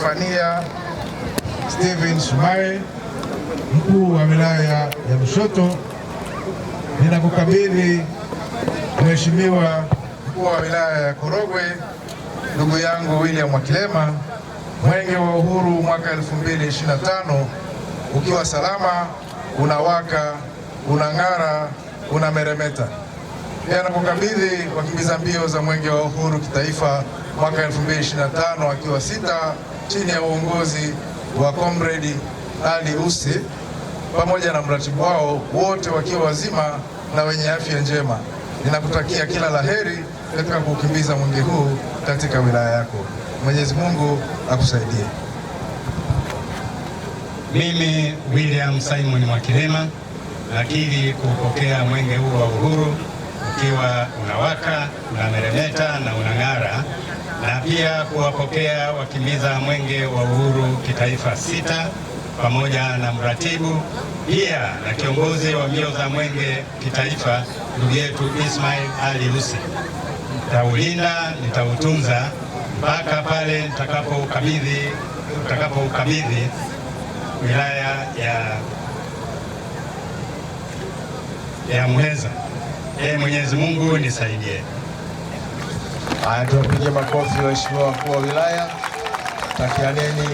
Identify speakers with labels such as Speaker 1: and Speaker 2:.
Speaker 1: Fania Steven Sumaye, mkuu wa wilaya ya Lushoto, ninakukabidhi Mheshimiwa mkuu wa wilaya ya Korogwe, ndugu yangu William Mwakilema, mwenge wa uhuru mwaka 2025 ukiwa salama, unawaka, unang'ara, unameremeta. Pia nakukabidhi wakimbiza mbio za mwenge wa uhuru kitaifa mwaka 2025 akiwa sita chini ya uongozi wa Comrade Ali Usi pamoja na mratibu wao wote wakiwa wazima na wenye afya njema. Ninakutakia kila laheri katika kuukimbiza mwenge huu katika wilaya yako. Mwenyezi Mungu akusaidie.
Speaker 2: Mimi William Simon Mwakilema nakiri kupokea mwenge huu wa uhuru ukiwa unawaka unameremeta na unang'ara na pia kuwapokea wakimbiza mwenge wa uhuru kitaifa sita pamoja na mratibu pia na kiongozi wa mbio za mwenge kitaifa ndugu yetu Ismail Ali Lusi. Nitaulinda, nitautunza mpaka pale nitakapokabidhi nitakapokabidhi wilaya ya ya Muheza. Ee Mwenyezi Mungu nisaidie.
Speaker 1: Haya, tuwapigie makofi waheshimiwa wakuu wa wilaya, takianeni